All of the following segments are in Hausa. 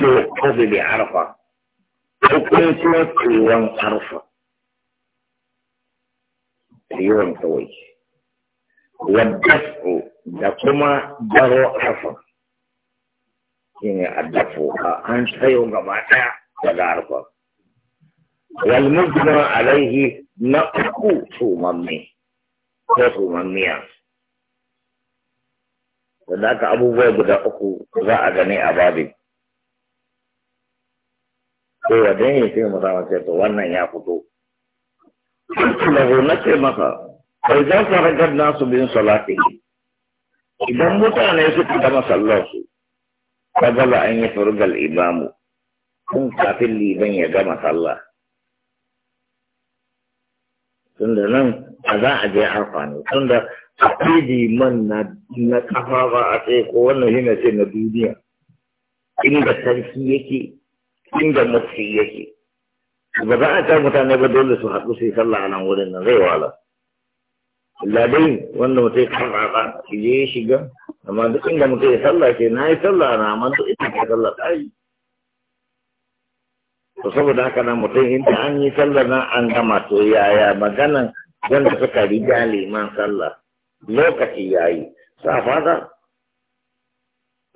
da kazili arfa hukuncin tsewon arfa tsewon kawai waddafu da kuma baro harfa, shi ne addafu an tsayo gaba ɗaya daga arfa والمجمع عليه نقو صومامي ko tsumammiya da aka abubuwa guda uku za a gani a babin ko wajen ya mu masa wace to wannan ya fito na ce masa fara zan na nasu bin salati idan mutane su suka gama sallarsu kabala an yi furgal imamu tun kafin liban ya gama sallah tun da nan a za a je amfani tun da akwai man na kafa ba a tsaye ko wannan yana na ce na duniya inda sarki yake inda mafi yake ba za a ta mutane ba dole su haɗu su yi sallah a nan wurin nan zai wala ladai dai wanda mutum ya karɓa shi je shiga amma duk inda mutai ya sallah ke na yi sallah na amma duk ita ta sallah ta yi to saboda haka nan mutum inda an yi sallah na an gama to yaya maganan wanda suka riga liman sallah lokaci ya yi sa fada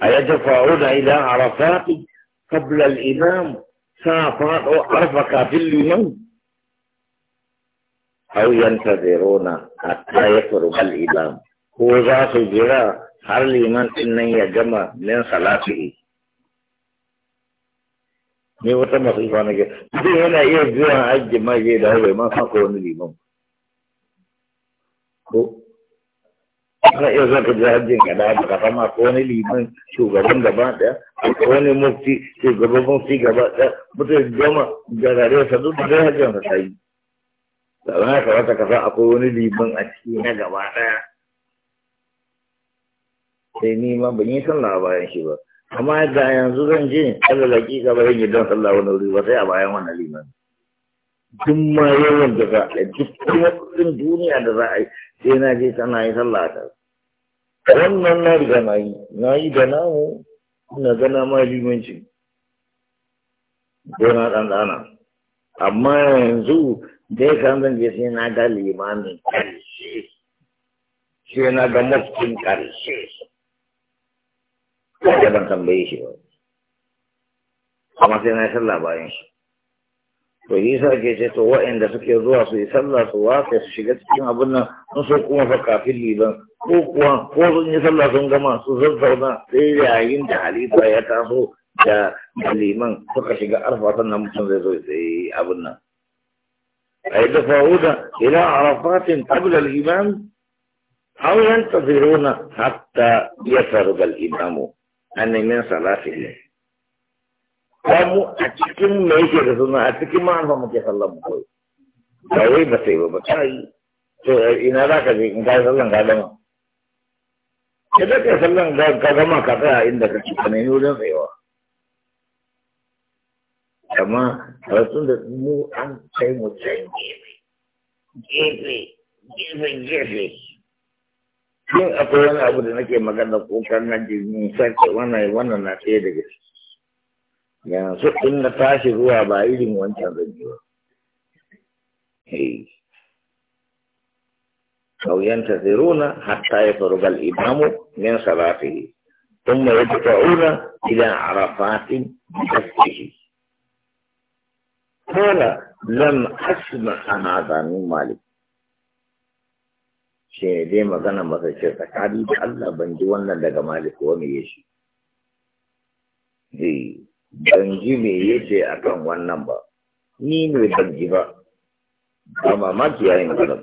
a yadda fa'uda idan arafati قبل الإمام سافر أرفق في الإمام أو ينتظرون حتى يفرغ الإمام هو ذات جرا هر الإمام إن يجمع من صلاته ni wata masifa na ke mutum yana iya zuwa ajiye ma je da hawaii ma ana iya za ka jihar jin ka da haka ma ko wani liman shugaban gaba daya ko wani mufti shugaban mufti gaba daya mutum gama garare sa duk da hajjin sa sai da ba ka wata kasa akwai wani liman a ciki na gaba daya sai ni ma ban yi sallah bayan shi ba amma da yanzu zan je ala laƙiƙa gaba yin yi don sallah wani wuri ba sai a bayan wannan liman duk ma yawan da za a duk kuma duniya da za a yi sai na je sana yi sallah ta wannan na riga na yi na yi da namu na gana ma limanci gona ɗanɗana amma yanzu dai kan zan je sai na ga limamin ƙarshe sai na ga mafkin ƙarshe ko da ban tambaye shi ba amma sai na yi sallah bayan shi to yi sa ke ce to wa'inda suke zuwa su yi sallah su wata su shiga cikin abin nan sun so kuma fa kafin liban ko kuwa ko sun yi sallah sun gama su zazzauna sai yayin da halifa ya taso da liman suka shiga arfa sannan mutum zai zo ya yi abin nan ai da fa'uda ila arafatin qabla al-imam aw yantaziruna hatta yasarba al-imam an min salatihi kai mu a cikin me yake da suna a cikin ma muke sallan mu kawai ba wai ba sai ba yi to ina za ka je in ka sallan ka gama idan ka sallan ka gama ka tsaya inda ka ci ka nemi wurin tsayawa amma rasun da mu an kai mu can gefe gefe gefe gefe yin akwai wani abu da nake magana ko kan nan jirgin sarki wannan wannan na ɗaya daga ciki yanzu in na tashi zuwa ba irin wancan zan yi ba. Kauyen eh. ta zai rona hatta ya faru gal imamu min salafihi. Tun mai yadda ta rona idan arafatin kaskihi. Kola lan asma a mazanin malik. Shi ne dai magana masarci tsakani da Allah ban ji wannan daga malik wani ya shi. ban ji me yace akan wannan ba ni ne ban ji ba ba mamaki yayin magana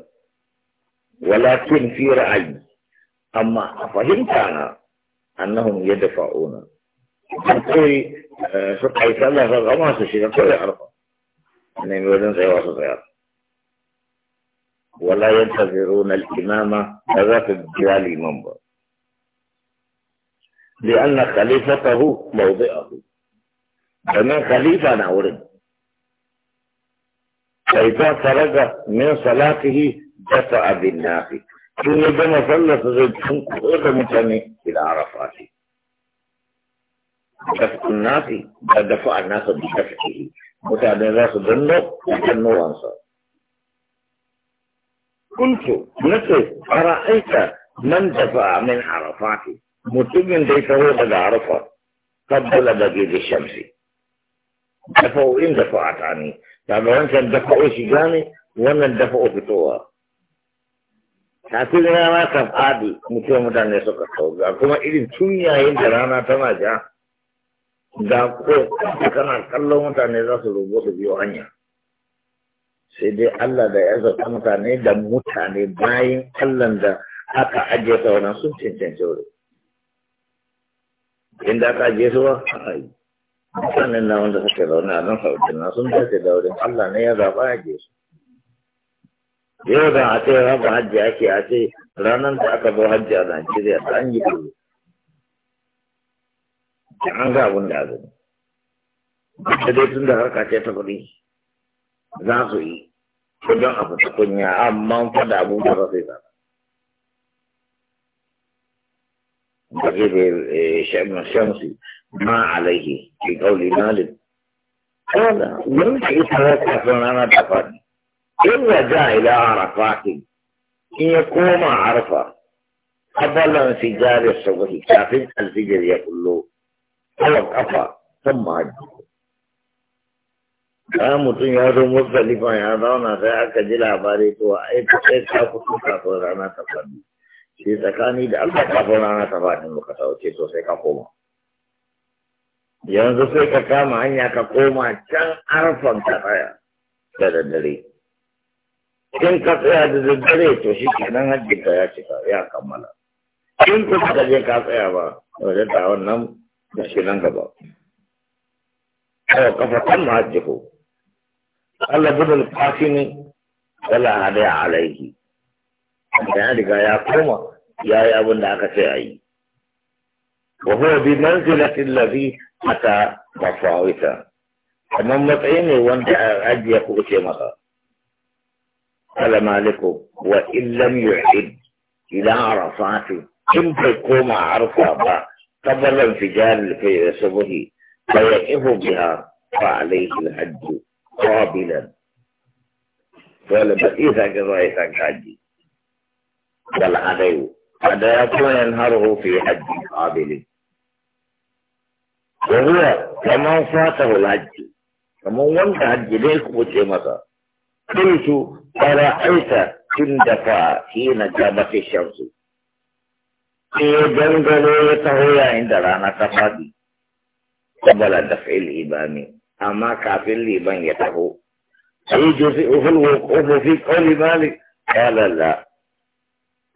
walakin fi ra'ayi amma a fahimta na annahum yadfa'una kai su kai sallah ga gama su shiga kai arfa ne mai wajen tsayawa su tsaya wala yantaziruna al-imama da za ta jira لأن خليفته موضعه domin khalifa na wurin sai ta faraga min salatihi dafa abin nafi tun ya gama sallarsa zai tun kuɗo da mutane ila arafati dafa nafi da dafa annasa bi dafihi mutane za su danno dannowansa kuntu nace ara'aita man dafa min arafati mutumin da ya taho daga arafa kabbala da gidi shamsi dafa'o'in dafa'ata ne daga wancan dafa'o shiga ne wannan dafa'o fitowa kafin rana ta fadi mutuwa mutane suka ga kuma irin tun yayin da rana tana ja da ko kana kallon mutane za su rubo su biyo hanya sai dai Allah da ya zata mutane da mutane bayan Allah da aka ajiye sauran sun cancanci wuri inda aka ajiye su ba a yi mutanen na wanda suke zaune a nan sautin na sun dace da wurin Allah ne ya zaɓa a ke su yau da a ce raba hajji ake a ce ranar da aka zo hajji a Najeriya ta an yi kuru ta an ga abin da abin da dai tun da harka ce ta kuɗi za su yi kudin a fita kunya amma fada abin da ba sai ba da zai eh, bai shamsi ما عليه في قول مالك هذا ليس ثلاثة أحوال أنا أتفق إلا جاء إلى عرفات إن يقوم عرفة قبل انفجار الصبح كافي الفجر يقول له طلب أفا ثم عجب قام تون يادو مختلفا يادو نساء كجل عباري تو ايت ايت كافو تو كافو رانا تفاني شيء تكاني دعا كافو رانا تفاني مكتاو تيسو سيكا قومه yanzu sai ka kama hanya ka koma can arfan ka tsaya da daddare in ka tsaya da daddare to shi kenan nan hajjinka ya cika ya kammala in kuma ka je ka tsaya ba wajen da wannan da shi nan gaba kawai kafa kan hajjiku Allah gudun kafi ne wala hadaya alaihi da ya riga ya koma ya yi abin da aka ce a yi وهو بمنزلة الذي أتى مصاوتا أما مطعيني وانت أجي كوشي مغا قال مالك وإن لم يعد إلى عرفات إن تقوم عرفة قبل انفجار في سبه فيقف بها فعليه الحج قابلا قال بس إذا كذا إذا حجي قال عليه هذا يكون ينهره في حج قابل وهو كما فاته الحج كما وانت حج ليك متمتا قلت أرأيت دفع حين جابت الشمس في جنجل يتهوى عند رانا تفادي قبل دفع الإمام أما كافي الإمام يتهو يجزئه الوقوف في كل مالك قال لا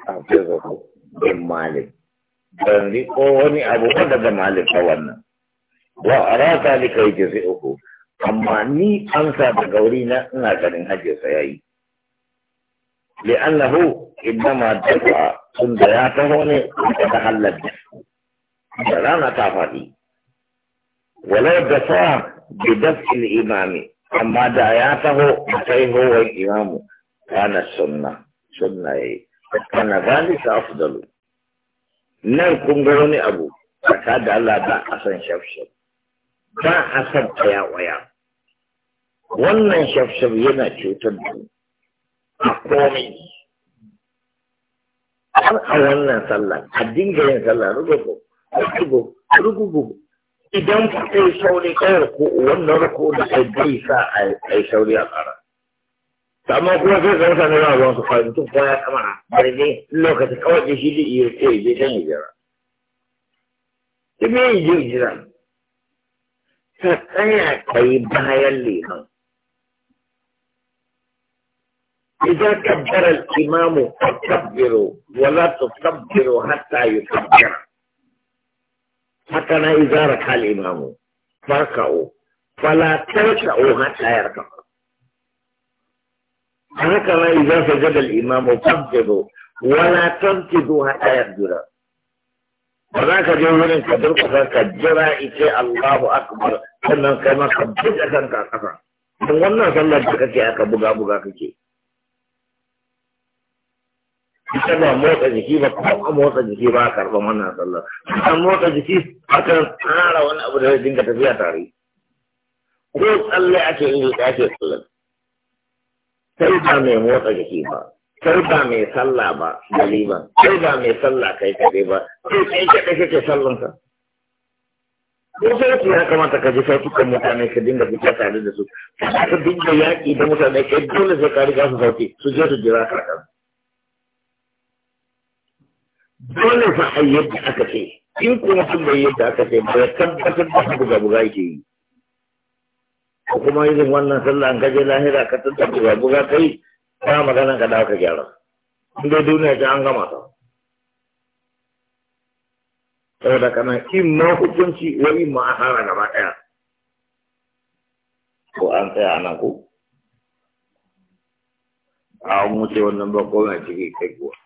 أحفظه من مالك بل لقوني أبو قدد مالك فوانا wa ara zalika yajzi'uhu amma ni an sa da gauri na ina ganin hajjin sa yayi li'annahu innama dafa tun da ya taho ne da ta halal da rana ta faɗi walau da sa bi dafin imami amma da ya taho sai howan imamu kana sunna sunna yayi kana zalika afdalu nan kun ga wani abu kaka da Allah da asan shafshaf ba a san ɗaya ƙwaya wannan shafshaf yana cutar da a komai har a wannan sallah a dinga yin sallah rugugu rugugu rugugu idan ku kai sauri kawai ko wannan ruku da kai bai sa a yi sauri a tsara amma kuma sai zan mutane ba ruwan su kawai mutum kwaya ya a ɓarni ne lokaci kawai da shi da iya ce ya je can ya jira. Ibi yi jira. إذا كبر الإمام فكبروا ولا تكبروا حتى يكبر حتى إذا ركع الإمام فركعوا فلا تركعوا حتى يركع هكذا إذا سجد الإمام فكبروا ولا تنتدوا حتى يكبروا ba za ka je wurin ka durkusa ka jira ice Allahu akbar sannan kai ma ka buga kanka a ƙasa don wannan sallar da kake aka buga buga kake ita ba motsa jiki ba ko motsa jiki ba karɓan wannan sallar ita motsa jiki aka tsara wani abu da zai dinga tafiya tare ko tsalle ake yi da ake tsallar sai ba mai motsa jiki ba kai ba mai sallah ba galiban kai ba mai sallah kai kaɗai ba kai kai kaɗai kake sallanka Wasu ya kamata ka ji sautukan mutane ka dinga fita tare da su, ka dinga yaƙi da mutane kai dole sai ka riga su sauke su je su jira ka kan. Dole fa a yadda aka ce, in ko mutum bai yadda aka ce ba ya tabbatar da su buga buga yake yi. Ko kuma yin wannan sallah an gaje lahira ka tabbatar buga buga kai ya maganan ka da gyara in dai duniya ta an gama ta saboda kana kin na hukunci wa ma a fara gaba ɗaya ko an tsaya nan ko a wuce wannan bakon a ciki kai kuwa